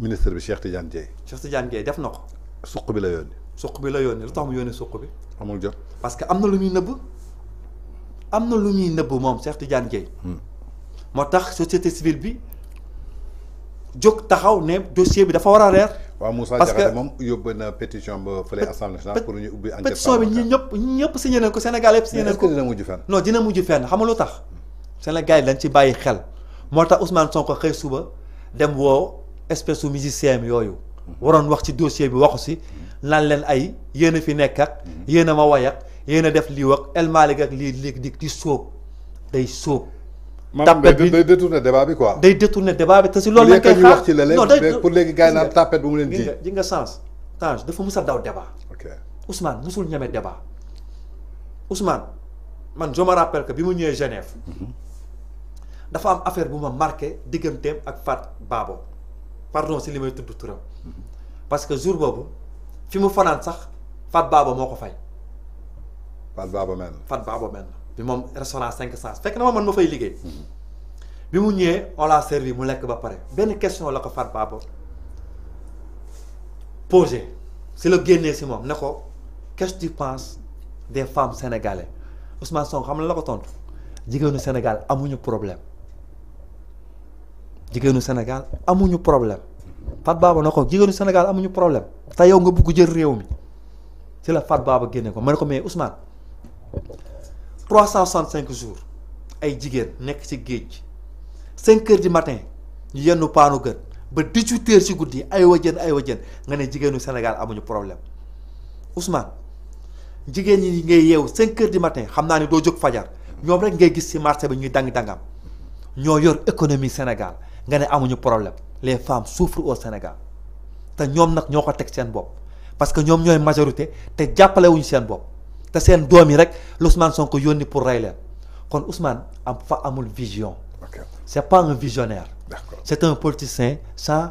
ministre bi Cheikh Tidiane Dieye. Cheikh Tidiane Dieye def na ko. suq bi la yónni. suq bi la yónni lu tax mu yónni suq bi. amul jot parce que am na lu ñuy nëbb. am na lu ñuy nëbb moom Cheikh Tidiane Dieye. Hmm. moo tax société civile bi jóg taxaw ne dossier bi dafa war a leer. waaw Moussa Diakhaté moom yóbbu na pétition ba fële assemblée nationale pour ubbi. enquête pétition ñi ñëpp ñi ñëpp signé ko Sénégal yëpp signé nañ ko. dina mujj fenn. fenn xam nga lu Sénégal yi dañ ci bàyyi xel moo tax Ousmane Sonko xëy suba dem woo. espèce de musicien yooyu waroon wax ci dossier bi waxu si lan leen ay yéen fi nek ak yéen ma way ak def li ak El malik ak li li di di sóob day sóob. tapet bi day détourné débat bi quoi. day détourner débat bi te si loolu. lañ koy xaar non day pour legui gars yi naan tapet bu mu leen ji. ji nga sens Tange dafa musa daw débat. ok Ousmane musul ñame débat Ousmane man je me rappelle que bi mu ñëwee Genève. Mhm. dafa am affaire bu ma marqué digganteem ak Fat Babo pardon si li may le parce que jour je fi mu à sax Fat Baba moko fay. Fat Baba Fat Baba bi restaurant na ma ma fay bi on servi mu lekk ba pare ben question la Fat Baba pose. C'est le génnee ci mom qu'est-ce que tu penses des femmes sénégalaises Ousmane Sonko xam na la ko tontu problème. jigéenu Sénégal amuñu problème Fat Baba na ko jigéenu Sénégal amuñu problème te yow nga bugg jël réew mi ci la Fat Baba génne ko ma ne ko mais Ousmane 365 jours ay jigéen nekk ci géej 5 kër du matin ñu yenn paanu gën ba 18 heures ci guddi ay wa ay wa jën nga ne jigéenu Sénégal amuñu problème Ousmane jigéen ñi ngay yeewu 5 kër di matin xam naa ne doo jóg fajar ñoom rek ngay gis ci marché bi ñuy dang-dangam ñoo yor economie Sénégal. problème les femmes souffrent au Sénégal sont seen parce que majorité seen seen rek pour Ousmane am fa amul vision c'est pas un visionnaire c'est un politicien sans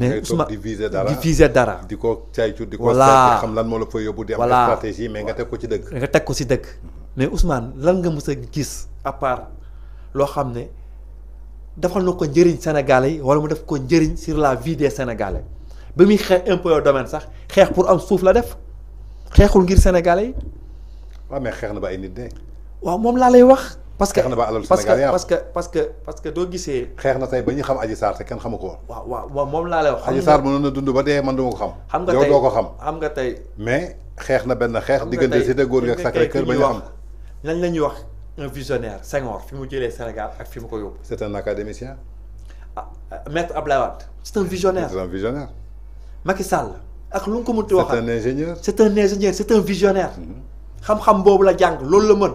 mais suma di viser dara di viser dara. di ko saytu di ko. voilà xam lan moo la fa yóbbu. di am stratégie mais nga teg ko ci dëgg. nga teg ko ci dëgg mais Ousmane lan nga mës a gis à part loo xam ne defal na ko njëriñ Sénégalais yi wala mu def ko njëriñ sur la vie des Sénégalais ba muy xeex impôt domaine sax xeex pour am suuf la def xeexul ngir Sénégalais yi. waaw mais xeex na ba ay nit de. waaw moom laa lay wax. parce que parce que parce que parce que parce que doo gisee. xeex na tey ba ñu xam Adji Sarr te kenn xamu ko waaw waaw moom laa lay wax. Adji Sarr mënoon na dund ba dee man du ko xam. xam nga tey yow mais xeex na benn xeex. diggante Cité Góor gi ak Sacré-Cœur ba ñu xam. nañ la ñuy wax un visionnaire Senghor fi mu jëlee Sénégal ak fi mu ko yóbbu. c'est un académicien. ah euh, maître Abdoulaye Wade. c'est un visionnaire c'est un visionnaire. ak lu mu ko mënti waxal. c'est un ingénieur c'est c'est un visionnaire. Mm-hmm. xam-xam boobu la jàng loolu la mën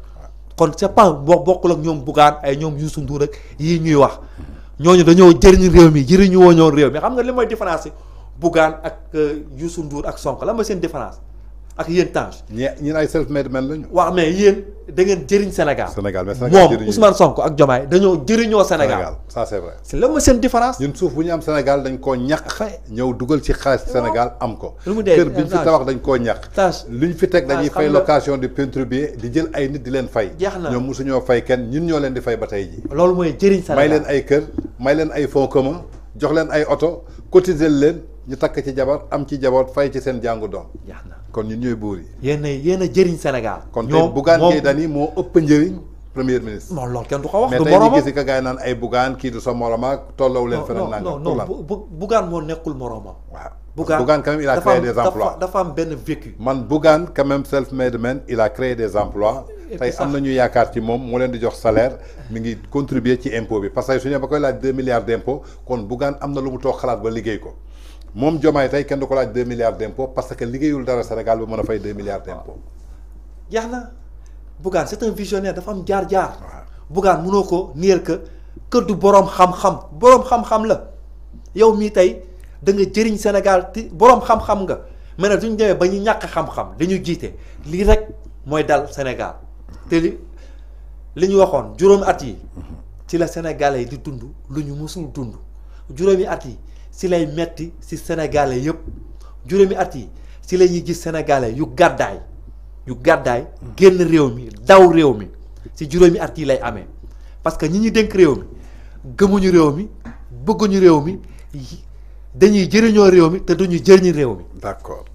kon c'est pas boo bokkul ak ñoom Bougane ay ñoom Youssou Ndour ak yii ñuy wax ñooñu dañoo jëriñu réew mi jëriñu woo ñoom réew mi xam nga li mooy différence yi Bougane ak euh, Youssou Ndour ak sonk la ma seen différence ak yéen Tange. ñii ñii ay self made men lañu. wax mais yéen. da ngeen jëriñ Sénégal. Sénégal mais Sénégal jëriñu moom Ousmane Sonko ak Diomaye dañoo jëriñoo Sénégal. Sénégal ça vrai. la ma seen différence. ñun suuf bu ñu am Sénégal dañ koo ñàq. ñëw dugal ci xaalis Sénégal am ko. lu mu dee kër bi ñu fi tabax dañ koo ñàq. tâche lu ñu fi teg ah, dañuy fay location di contribuer di jël ay nit di leen fay. jeex na ñoom mosu ñoo fay kenn ñun ñoo leen di fay ba tey ji. loolu mooy jëriñ Sénégal may leen ay kër mayleen ay fonds commun jox leen ay oto cotiser leen ñu takk ci jabar am ci jabar fay ci seen jàngu doom kon ñun ñooy boori yi. yéen a yéen a jëriñ Sénégal. kon tey Bougane Gueye Dany moo ëpp njëriñ premier ministre. non loolu kenn du ko wax du moroma mais tey gis nga naan ay Bougane kii du sa moroma tolloo leen. feneen naan non non Bougane moo nekkul moroma. waaw Bougane Bougane quand même il a créé des emplois dafa am benn vécu. man Bougane quand même self-made man il a créé des emplois. tey am nañu yaakaar ci moom moo leen di jox salaire mi ngi contribuer ci impôt bi parce que suñu ñu ba koy laaj 2 milliards d' impôt kon Bougane am na lu mu toog xalaat ba liggéey ko moom Diomaye tey kenn du ko laaj deux milliards d'impôts parce que liggéeyul dara Sénégal ba mën a fay deux milliards d'impôts. jeex na Bougane c'est un visionnaire dafa am jaar-jaar. waaw Bougane mënoo ko nier que kër du boroom xam-xam boroom xam-xam la yow mii tey da nga jëriñ Sénégal ti boroom xam-xam nga mais nag duñ demee ba ñu ñàkk xam-xam dañu jiite lii rek mooy dal Sénégal te li li ñu waxoon juróomi at yi ci la Sénégalais yi di dund lu ñu mësul dund juróomi at yi. si lay metti si sénégalais yëpp juróomi at yi si la ñuy gis sénégalais yu gàddaay yu gàddaay génn réew mi daw réew mi si juróomi at yi lay amee parce que ñi ñu dénk réew mi gëmuñu réew mi bëgguñu réew mi dañuy jëriñoo réew mi te du duñu jëriñu réew mi. d'accord.